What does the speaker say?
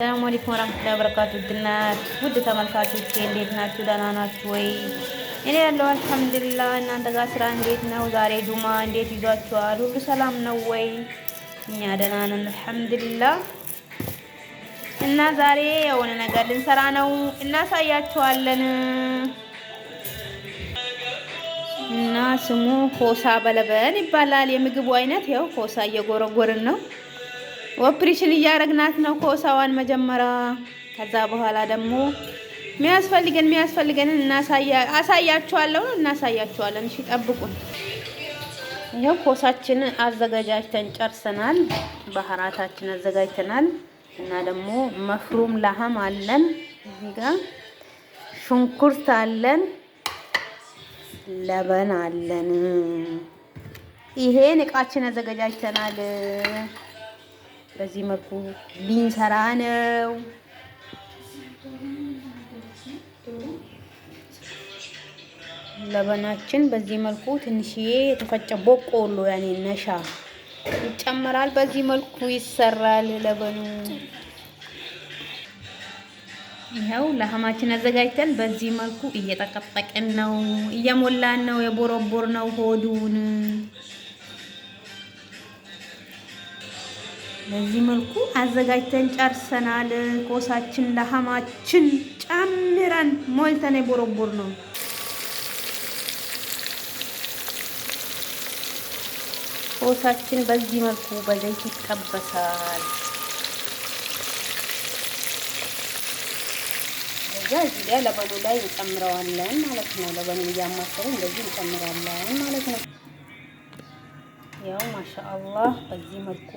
ሰላም አለይኩም ወራህመቱላሂ ወበረካቱ። ድና ውድ ተመልካቾች እንዴት ናችሁ? ደህና ናችሁ ወይ? እኔ ያለው አልሐምዱሊላህ። እናንተ ጋር ስራ እንዴት ነው? ዛሬ ጁማ እንዴት ይዟችኋል? ሁሉ ሰላም ነው ወይ? እኛ ደህና ነን አልሐምዱሊላህ። እና ዛሬ የሆነ ነገር ልንሰራ ነው፣ እናሳያችኋለን። እና ስሙ ኮሳ በለበን ይባላል የምግቡ አይነት። ያው ኮሳ እየጎረጎርን ነው ኦፕሬሽን እያረግናት ነው ኮሳዋን መጀመሪያ። ከዛ በኋላ ደግሞ የሚያስፈልገን የሚያስፈልገን እናሳያ አሳያችኋለሁ ነው እናሳያችኋለን። እሺ ጠብቁን። ይኸው ኮሳችን አዘጋጃጅተን ጨርሰናል። ባህራታችን አዘጋጅተናል እና ደግሞ መፍሩም ላህም አለን እዚህ ጋር ሽንኩርት አለን፣ ለበን አለን። ይሄን እቃችን አዘገጃጅተናል። በዚህ መልኩ ሊንሰራ ነው። ለበናችን በዚህ መልኩ ትንሽዬ የተፈጨ በቆሎ ያኔ ነሻ ይጨመራል። በዚህ መልኩ ይሰራል ለበኑ። ይኸው ለሀማችን አዘጋጅተን በዚህ መልኩ እየጠቀጠቅን ነው፣ እየሞላን ነው፣ የቦረቦር ነው ሆዱን በዚህ መልኩ አዘጋጅተን ጨርሰናል። ቆሳችን ለሀማችን ጨምረን ሞልተን የቦረቦር ነው። ቆሳችን በዚህ መልኩ በዘይት ይጠበሳል። እዛ እዚህ ላይ ለበኑ ላይ እንጨምረዋለን ማለት ነው። ለበኑ እያማሰሩ እንደዚህ እንጨምራለን ማለት ነው። ያው ማሻአላህ በዚህ መልኩ